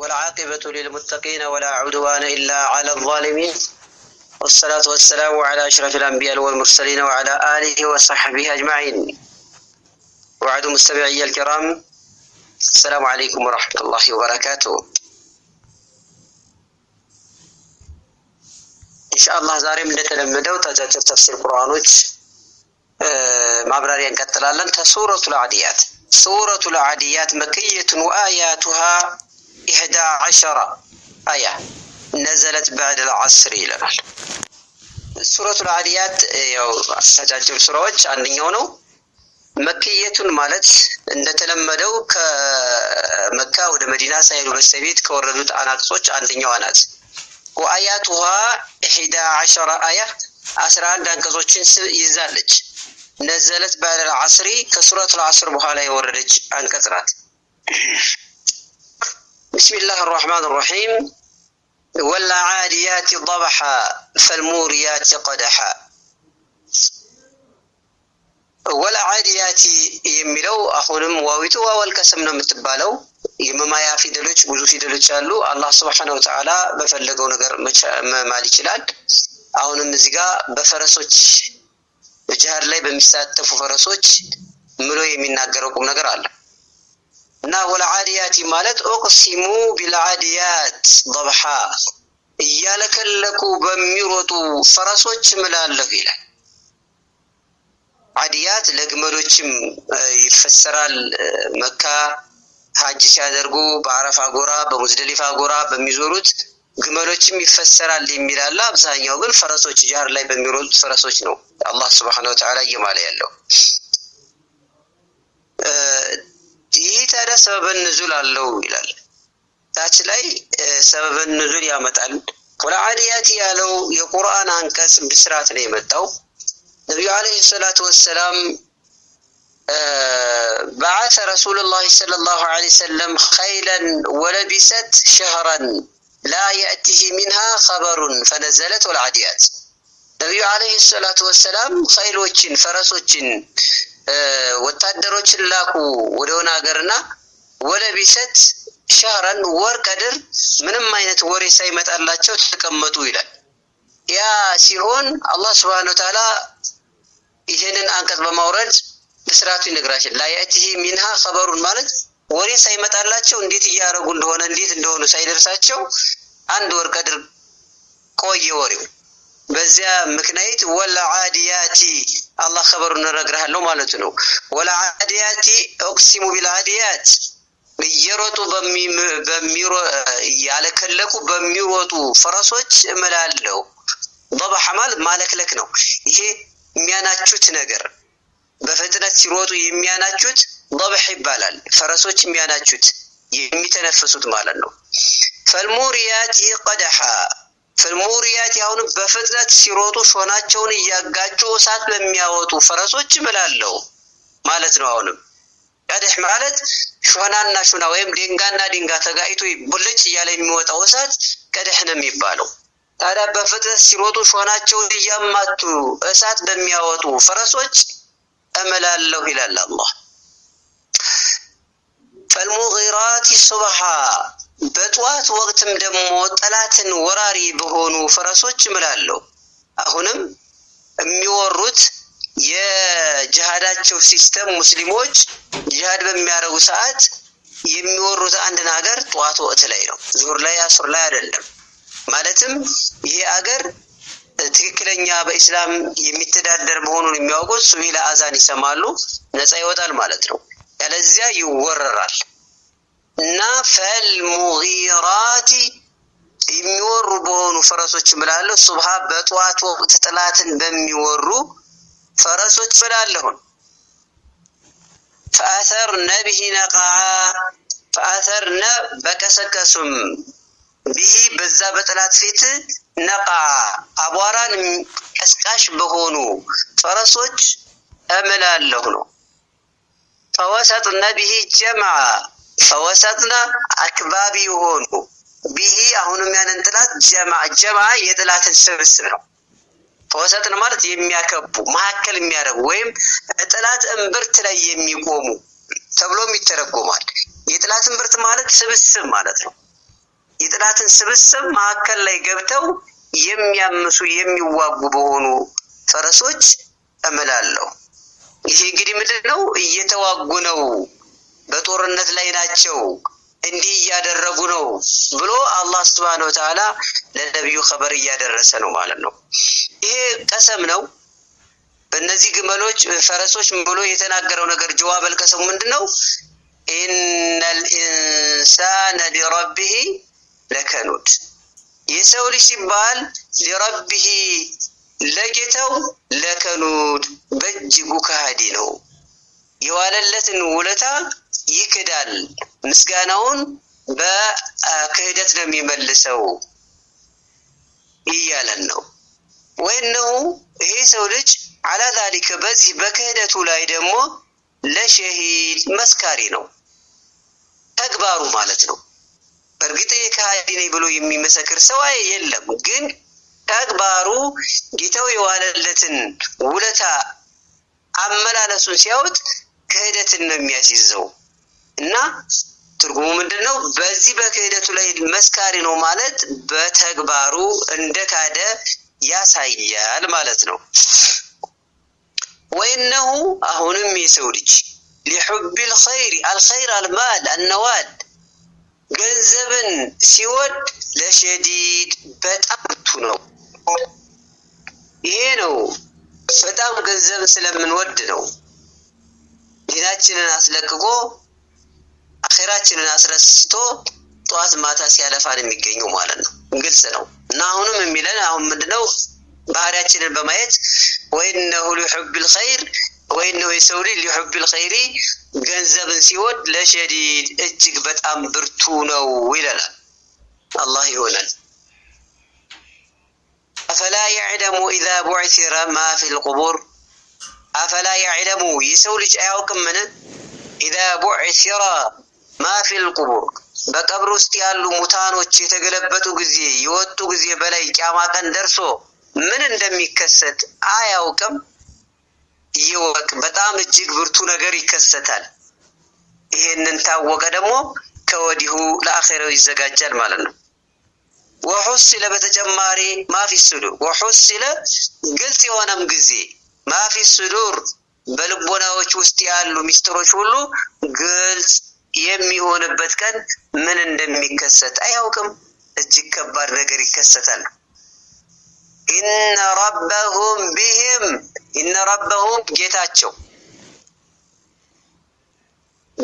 والعاقبة للمتقين ولا عدوان إلا على الظالمين والصلاة والسلام على أشرف الأنبياء والمرسلين وعلى آله وصحبه أجمعين وعد مستمعي الكرام السلام عليكم ورحمة الله وبركاته إن شاء الله ዛሬም እንደተለመደው ተጫጭር ተፍሲር ቁርአኖች أنك እንቀጥላለን سورة العاديات سورة العاديات مكية وآياتها ኢሕዳ ዓሸራ አያ ነዘለት ባዕድ ልዓስር ይለናል። ሱረቱ ልዓዲያት ያው አጫጭር ሱራዎች አንደኛው ነው። መክየቱን ማለት እንደተለመደው ከመካ ወደ መዲና ሳይሄዱ በስተቤት ከወረዱት አናቅጾች አንደኛዋ ናት። ወአያቱሃ ኢሕዳ ዓሸራ አያ አስራ አንድ አንቀጾችን ይዛለች። ነዘለት ባዕድ ልዓስሪ ከሱረቱ ልዓስር በኋላ የወረደች አንቀጽ ናት። بسم الله الرحمن الرحيم والعاديات ضبحا فالموريات قدحا ወለዓዲያቲ የሚለው አሁንም ዋዊቱ ዋወል ከስም ነው የምትባለው። የመማያ ፊደሎች ብዙ ፊደሎች አሉ። አላህ ስብሐነ ወተዓላ በፈለገው ነገር መማል ይችላል። አሁንም እዚህ ጋር በፈረሶች ጅሃድ ላይ በሚሳተፉ ፈረሶች ምሎ የሚናገረው ቁም ነገር አለ። እና ወለዓዲያቲ ማለት ኦቅሲሙ ቢልዓዲያት ضብሓ እያለከለኩ በሚሮጡ ፈረሶች ምላለሁ ይላል። ዓዲያት ለግመሎችም ይፈሰራል። መካ ሀጅ ሲያደርጉ በአረፋ ጎራ፣ በሙዝደሊፋ ጎራ በሚዞሩት ግመሎችም ይፈሰራል የሚላለ አብዛኛው ግን ፈረሶች ጃር ላይ በሚሮጡት ፈረሶች ነው አላህ ስብሓነሁ ወተዓላ እየማለ ያለው። ታዲያ ሰበበን ንዙል አለው ይላል። ታች ላይ ሰበበን ንዙል ያመጣል። ወለዓዲያት ያለው የቁርአን አንቀጽ ብስራት ነው የመጣው። ነቢዩ አለይሂ ሰላቱ ወሰላም በዓተ ረሱሉላሂ ሰለላሁ አለይሂ ወሰለም ኸይለን ወለቢሰት ሸህረን ላ የእቲሂ ሚንሃ ኸበሩን ፈነዘለት ወልዓዲያት ነቢዩ አለይሂ ሰላቱ ወሰላም ኸይሎችን ፈረሶችን ወታደሮችን ላኩ ወደሆነ ሀገርና ወለቢሰት ሻህራን ወር ቀድር ምንም አይነት ወሬ ሳይመጣላቸው ተቀመጡ ይላል። ያ ሲሆን አላህ ስብሐነ ወተዓላ ይህንን አንቀጽ በማውረድ በስርዓቱ ይነግራችን። ላያእቲህ ሚንሃ ከበሩን ማለት ወሬ ሳይመጣላቸው እንዴት እያደረጉ እንደሆነ እንዴት እንደሆኑ ሳይደርሳቸው አንድ ወር ቀድር ቆየ ወሬው። በዚያ ምክንያት ወለዓዲያቲ አላህ ኸበሩን እነግርሃለሁ ማለት ነው። ወለአዲያቲ ኦቅሲሙ ቢልአዲያት እየሮጡ ያለከለቁ በሚሮጡ ፈረሶች እምላለው። በባሐ ማለት ማለክለክ ነው። ይሄ የሚያናቹት ነገር በፍጥነት ሲሮጡ የሚያናቹት በባሕ ይባላል። ፈረሶች የሚያናቹት የሚተነፍሱት ማለት ነው። ፈልሙሪያት ቀደሓ ፍልሙሪያት ያሁን በፍጥነት ሲሮጡ ሾናቸውን እያጋጩ እሳት በሚያወጡ ፈረሶች ምላለው ማለት ነው። አሁንም ቀድሕ ማለት ሾናና ሹና ወይም ድንጋና ድንጋ ተጋይቶ ቡልጭ እያለ የሚወጣው እሳት ቀድሕ ነው የሚባለው። ታዲያ በፍጥነት ሲሮጡ ሾናቸውን እያማቱ እሳት በሚያወጡ ፈረሶች እምላለሁ ይላል አላህ። ፈልሙጊራት ሱብሓ በጠዋት ወቅትም ደግሞ ጠላትን ወራሪ በሆኑ ፈረሶች እምላለሁ። አሁንም የሚወሩት የጅሃዳቸው ሲስተም ሙስሊሞች ጅሃድ በሚያደርጉ ሰዓት የሚወሩት አንድን ሀገር ጠዋት ወቅት ላይ ነው። ዙር ላይ፣ አሱር ላይ አይደለም። ማለትም ይሄ አገር ትክክለኛ በኢስላም የሚተዳደር መሆኑን የሚያውቁት ሱቢ አዛን ይሰማሉ፣ ነፃ ይወጣል ማለት ነው። ያለዚያ ይወረራል። እና ፈልሙጊራት የሚወሩ በሆኑ ፈረሶች እምላለሁ። ሱብሃ በጠዋት ወቅት ጥላትን በሚወሩ ፈረሶች እምላለሁ። ፈአተርነ ብሂ ነቃዓ ፈአተርነ በቀሰቀሱም ብሂ በዛ በጥላት ፊት ነቃ አቧራን ቀስቃሽ በሆኑ ፈረሶች እምላለሁ ነው። ፈወሰጥነ ብሂ ጀምዓ ፈወሰጥነ አክባቢ የሆኑ ቢሂ አሁንም ያንን ጥላት ጀማ ጀማ የጥላትን ስብስብ ነው። ፈወሰጥነ ማለት የሚያከቡ መካከል የሚያደርጉ ወይም ጥላት እምብርት ላይ የሚቆሙ ተብሎም ይተረጎማል። የጥላት እምብርት ማለት ስብስብ ማለት ነው። የጥላትን ስብስብ መካከል ላይ ገብተው የሚያምሱ የሚዋጉ በሆኑ ፈረሶች እምላለሁ። ይሄ እንግዲህ ምንድን ነው? እየተዋጉ ነው በጦርነት ላይ ናቸው፣ እንዲህ እያደረጉ ነው ብሎ አላህ ስብሃነ ወተዓላ ለነቢዩ ከበር እያደረሰ ነው ማለት ነው። ይሄ ቀሰም ነው። በእነዚህ ግመሎች ፈረሶች ብሎ የተናገረው ነገር ጀዋበል ቀሰሙ ምንድን ነው? ኢነል ኢንሳነ ሊረቢሂ ለከኑድ የሰው ልጅ ሲባል ሊረቢሂ ለጌተው ለከኑድ በእጅጉ ከሃዲ ነው። የዋለለትን ውለታ ይክዳል፣ ምስጋናውን በክህደት ነው የሚመልሰው እያለን ነው። ነው ይሄ ሰው ልጅ አላ ዛሊከ በዚህ በክህደቱ ላይ ደግሞ ለሸሂድ መስካሪ ነው ተግባሩ ማለት ነው። በእርግጥ ከሃዲ ነኝ ብሎ የሚመሰክር ሰው የለም፣ ግን ተግባሩ ጌታው የዋለለትን ውለታ አመላለሱን ሲያወጥ ክህደትን ነው የሚያስይዘው እና ትርጉሙ ምንድን ነው? በዚህ በክህደቱ ላይ መስካሪ ነው ማለት በተግባሩ እንደካደ ያሳያል ማለት ነው። ወይነሁ አሁንም የሰው ልጅ ሊሑቢል ኸይሪ አልኸይር አልማል አነዋድ ገንዘብን ሲወድ ለሸዲድ በጣም ብርቱ ነው። ይሄ ነው በጣም ገንዘብን ስለምንወድ ነው። ዲናችንን አስለቅቆ አኼራችንን አስረስቶ ጠዋት ማታ ሲያለፋን የሚገኘው ማለት ነው። ግልጽ ነው እና አሁንም የሚለን አሁን ምንድነው ባህሪያችንን በማየት ወይነሁ ሊሑብል ኸይር ወይነሁ የሰው ልጅ ሊሑብል ኸይሪ ገንዘብን ሲወድ ለሸዲድ እጅግ በጣም ብርቱ ነው ይለናል። አላህ ይሆናል አፈላ ያዕለሙ ኢዛ ቡዕሲረ ማ ፊ ልቁቡር አፈላ ያዕለሙ የሰው ልጅ አያውቅምን? ኢዛ ቡዕሲራ ማ ፊል ቁቡር በቀብር ውስጥ ያሉ ሙታኖች የተገለበጡ ጊዜ የወጡ ጊዜ በላይ ቂያማ ቀን ደርሶ ምን እንደሚከሰት አያውቅም። ይወቅ፣ በጣም እጅግ ብርቱ ነገር ይከሰታል። ይሄንን ታወቀ ደግሞ ከወዲሁ ለአኼራው ይዘጋጃል ማለት ነው። ወሑስለ በተጨማሪ ማፊ ሱዱ ወሑስለ ግልጽ የሆነም ጊዜ ማፊ ሱዱር በልቦናዎች ውስጥ ያሉ ሚስጥሮች ሁሉ ግልጽ የሚሆንበት ቀን ምን እንደሚከሰት አያውቅም። እጅግ ከባድ ነገር ይከሰታል። ኢነ ረበሁም ቢህም ኢነ ረበሁም ጌታቸው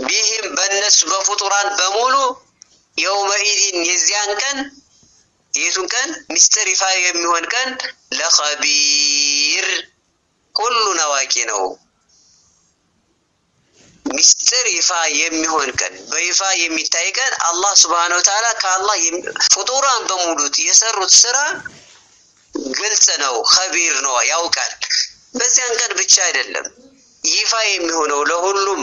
ቢህም በእነሱ በፍጡራን በሙሉ የውመኢዲን የዚያን ቀን የቱን ቀን ሚስጥር ይፋ የሚሆን ቀን ለኸቢር ሁሉን አዋቂ ነው። ሚስጥር ይፋ የሚሆን ቀን በይፋ የሚታይ ቀን አላህ ስብሐነሁ ወተዓላ ከአላህ ፍጡራን በሙሉት የሰሩት ስራ ግልጽ ነው። ኸቢር ነው፣ ያውቃል። በዚያን ቀን ብቻ አይደለም ይፋ የሚሆነው ለሁሉም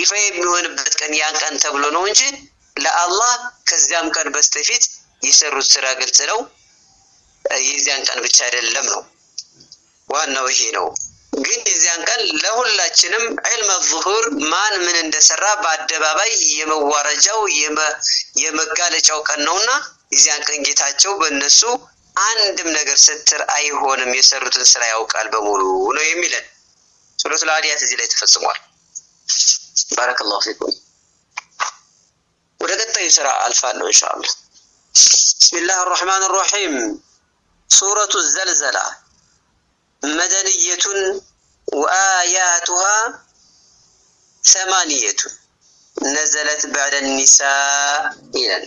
ይፋ የሚሆንበት ቀን ያን ቀን ተብሎ ነው እንጂ ለአላህ ከዚያም ቀን በስተፊት የሰሩት ስራ ግልጽ ነው። የዚያን ቀን ብቻ አይደለም ነው ዋናው ይሄ ነው። ግን የዚያን ቀን ለሁላችንም ዕልመ ዙሁር ማን ምን እንደሰራ በአደባባይ የመዋረጃው የመጋለጫው ቀን ነውና የዚያን ቀን ጌታቸው በእነሱ አንድም ነገር ስትር አይሆንም፣ የሰሩትን ስራ ያውቃል በሙሉ ነው የሚለን። ሱረቱል ለአዲያት እዚህ ላይ ተፈጽሟል። ባረከላሁ ፊኩም። ወደ ቀጣዩ ስራ አልፋለሁ ኢንሻአላህ። ብስሚላህ አርራህማን አርራሂም ሱረቱ ዘልዘላ መደንየቱን ወአያቱሃ ሰማንየቱን ነዘለት ባዕደ ኒሳ ይላል።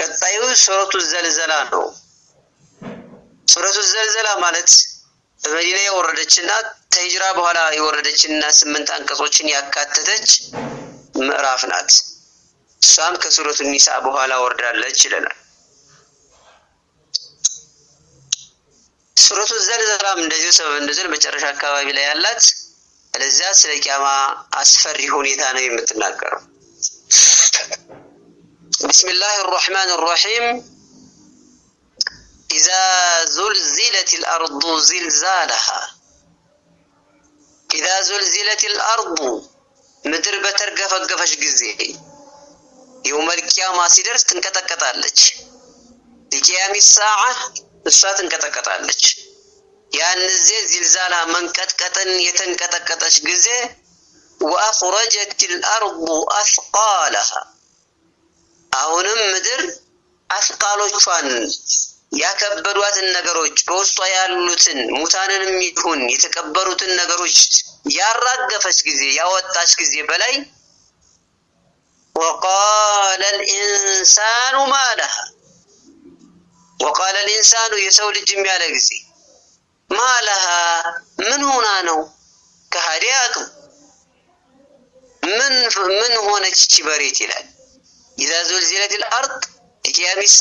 ቀጣዩ ሱረቱ ዘልዘላ ነው። ሱረቱ ዘልዘላ ማለት በመዲና የወረደችና ተሂጅራ በኋላ የወረደችና ስምንት አንቀጾችን ያካተተች ምዕራፍ ናት። እሷም ከሱረቱ ኒሳ በኋላ ወርዳለች ይለናል። ሱረቱ ዘልዘላም እንደዚሁ ሰበብ እንደዚሁ መጨረሻ አካባቢ ላይ ያላት ለዚያ ስለ ቂያማ አስፈሪ ሁኔታ ነው የምትናገረው። ቢስሚላህ ራሕማን ራሒም ኢዛ ዙልዚለት ልአርዱ ዚልዛላሃ ኢዛ ዙልዚለት ልአርዱ ምድር በተርገፈገፈች ጊዜ የውመል ቂያማ ሲደርስ ትንቀጠቀጣለች። የቂያሚ ሰዓ እሷ ትንቀጠቀጣለች። ያን ጊዜ ዚልዛላ መንቀጥቀጥን የተንቀጠቀጠች ጊዜ ወአኽረጀት ልአርዱ አስቃለሃ አሁንም ምድር አስቃሎቿን ያከበዷትን ነገሮች በውስጧ ያሉትን ሙታንንም ይሁን የተቀበሩትን ነገሮች ያራገፈች ጊዜ ያወጣች ጊዜ በላይ ወቃለ ልኢንሳኑ ማለሃ ወቃለ ልኢንሳኑ የሰው ልጅ ያለ ጊዜ ማለሃ ምን ሆና ነው? ከሃዲ አቅም ምን ምን ሆነች እቺ መሬት ይላል። ኢዛ ዙልዚለቲል አርድ የቂያሚሳ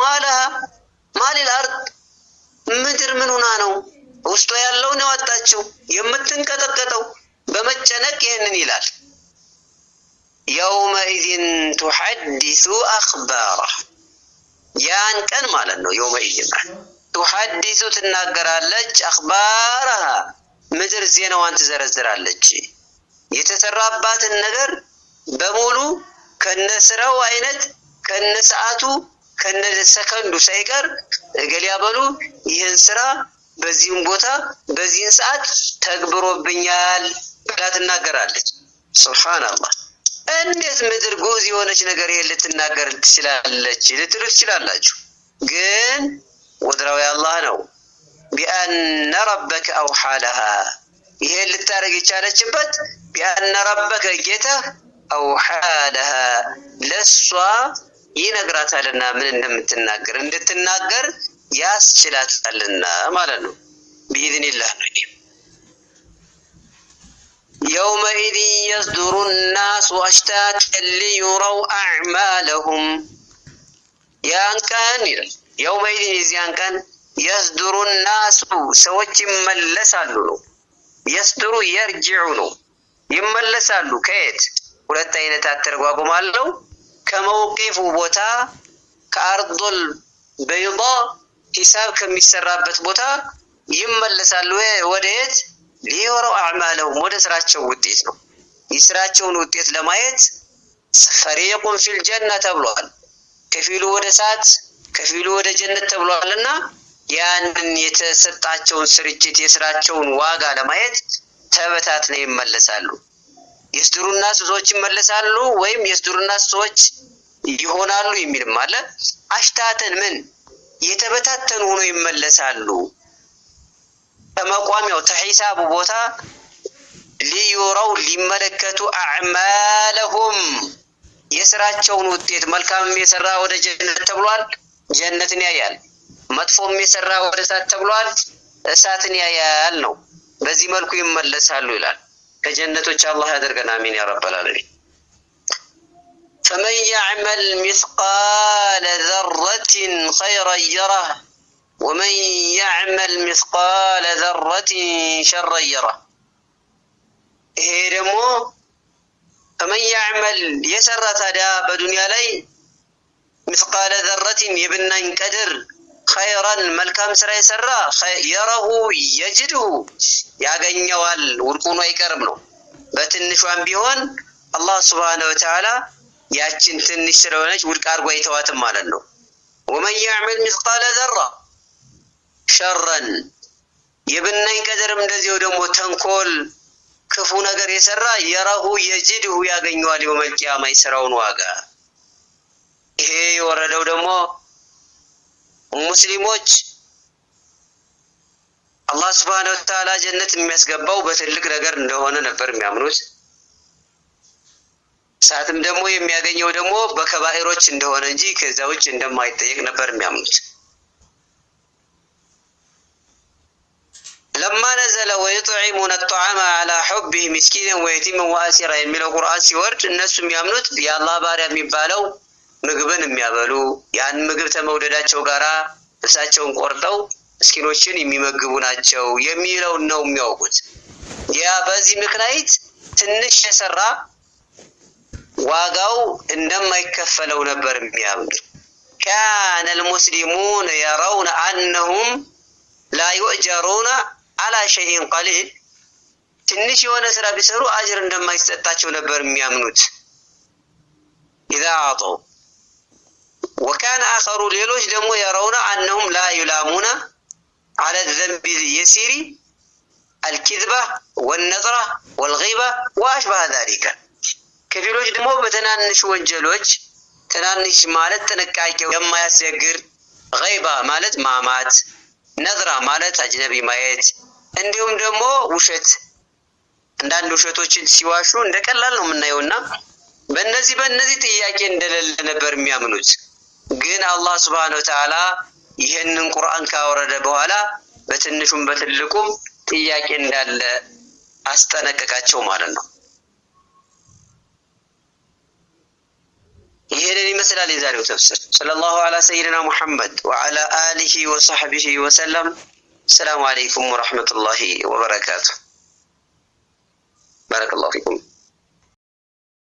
ማለሃ ማሊል አርድ ምድር ምን ሆና ነው? ውስጧ ያለውን ያወጣችው የምትንቀጠቀጠው በመጨነቅ ይህንን ይላል። የውመኢዝን ቱሐዲሱ አኽባራ ያን ቀን ማለት ነው። የውመኢዝን ማለት ቱሐዲሱ ትናገራለች፣ አኽባረሃ ምድር ዜናዋን ትዘረዝራለች። የተሰራባትን ነገር በሙሉ ከነስራው አይነት ከነሰዓቱ ከነሰከንዱ ሳይቀር እገሌ ያበሉ ይህን ስራ በዚህም ቦታ በዚህን ሰዓት ተግብሮብኛል ብላ ትናገራለች። ሱብሓነላህ። እንዴት ምድር ጉዝ የሆነች ነገር ይሄን ልትናገር ትችላለች ልትሉ ትችላላችሁ ግን ወድራዊ አላህ ነው። ቢአነ ረበከ አውሓ ለሃ ይሄን ልታደርግ የቻለችበት ቢአነ ረበከ ጌታህ አውሓ ለእሷ ይነግራታልና ምን እንደምትናገር እንድትናገር ያስችላታልና ማለት ነው። ቢኢዝኒላህ ነው። የውመኢዝ የስዱሩ ናሱ አሽታተን ሊዩረው አዕማለሁም ያን ቀን ይላል የውመይድን የዚያን ቀን የስድሩ ናሱ ሰዎች ይመለሳሉ ነው። የስድሩ የርጅዑ ነው ይመለሳሉ። ከየት ሁለት አይነት አተረጓጉም አለው። ከመውቂፉ ቦታ ከአርዶል በይዳ ሂሳብ ከሚሰራበት ቦታ ይመለሳሉ። ወደ የት ሊወረው አዕማለሁም ወደ ስራቸው ውጤት ነው። የስራቸውን ውጤት ለማየት ፈሪቁን ፊልጀና ተብሏል። ከፊሉ ወደ ሰዓት ከፊሉ ወደ ጀነት ተብሏልና ያንን የተሰጣቸውን ስርጭት የስራቸውን ዋጋ ለማየት ተበታትነው ይመለሳሉ። የስድሩና ስሶች ይመለሳሉ ወይም የስድሩና ስሶች ይሆናሉ የሚልም አለ። አሽታተን ምን የተበታተኑ ሆኖ ይመለሳሉ። ከመቋሚያው ተሒሳቡ ቦታ ሊዩረው ሊመለከቱ አዕማለሁም የስራቸውን ውጤት መልካምም የሰራ ወደ ጀነት ተብሏል። ጀነትን ያያል። መጥፎ የሚሰራ ወደ እሳት ተብሏል፣ እሳትን ያያል ነው። በዚህ መልኩ ይመለሳሉ ይላል። ከጀነቶች አላህ ያደርገን። አሚን ያ ረበል ዓለሚን። ፈመን ያዕመል ሚስቃለ ዘረትን ኸይረን የረህ ወመን ያዕመል ሚስቃለ ዘረትን ሸረን የረህ። ይሄ ደግሞ ፈመን ያዕመል የሰራ ታዲያ በዱንያ ላይ ሚስቃለ ዘረቲን የብናኝ ቀድር ኸይረን መልካም ስራ የሰራ የረሁ የጅድሁ ያገኘዋል፣ ውድቁኑ አይቀርም ነው። በትንሿም ቢሆን አላህ ስብሓነ ወተዓላ ያችን ትንሽ ስለሆነች ውድቅ አድርጎ አይተዋትም ማለት ነው። ወመን ያዕመል ሚስቃለ ዘራ ሸረን የብናኝ ቀድርም እንደዚው ደግሞ ተንኮል ክፉ ነገር የሰራ የረሁ የጅድሁ ያገኘዋል የውመል የስራውን ዋጋ ይሄ የወረደው ደግሞ ሙስሊሞች አላህ ስብሐነ ወተዓላ ጀነት የሚያስገባው በትልቅ ነገር እንደሆነ ነበር የሚያምኑት። እሳትም ደግሞ የሚያገኘው ደግሞ በከባይሮች እንደሆነ እንጂ ከዛ ውጭ እንደማይጠየቅ ነበር የሚያምኑት። ለማ ነዘለ ወዩጥዒሙነ ጧዓመ አላ ሑቢህ ምስኪንን ወየቲምን ወአሲራ የሚለው ቁርአን ሲወርድ እነሱ የሚያምኑት የአላህ ባሪያ የሚባለው ምግብን የሚያበሉ ያን ምግብ ከመውደዳቸው ጋር ልብሳቸውን ቆርጠው ምስኪኖችን የሚመግቡ ናቸው የሚለውን ነው የሚያውቁት። ያ በዚህ ምክንያት ትንሽ የሰራ ዋጋው እንደማይከፈለው ነበር የሚያምኑት። ካነ ልሙስሊሙን የረውነ አነሁም ላ ዩእጀሩነ አላ ሸይን ቀሊል ትንሽ የሆነ ስራ ቢሰሩ አጅር እንደማይሰጣቸው ነበር የሚያምኑት ኢዛ አጡ ወካነ አኸሩ ሌሎች ደግሞ የረውነ አነሁም ላ ዩላሙነ አለ ዘንቢ የሲሪ አልኪዝባ ወነጥራ ወልገይባ ወአሽባህ ዛሊከ። ከፊሎች ደግሞ በትናንሽ ወንጀሎች ትናንሽ ማለት ጥንቃቄ የማያስቸግር ገይባ ማለት ማማት፣ ነዝራ ማለት አጅነቢ ማየት፣ እንዲሁም ደግሞ ውሸት አንዳንድ ውሸቶችን ሲዋሹ እንደ ቀላል ነው የምናየውና በእነዚህ በእነዚህ ጥያቄ እንደሌለ ነበር የሚያምኑት። جن الله سبحانه وتعالى يهن القرآن كأورد بهلا بتنشون بتلكم تياك إن دال أستنك كاتشو مارنو يهنني مثلا لذلك تفسر صلى الله على سيدنا محمد وعلى آله وصحبه وسلم السلام عليكم ورحمة الله وبركاته بارك الله فيكم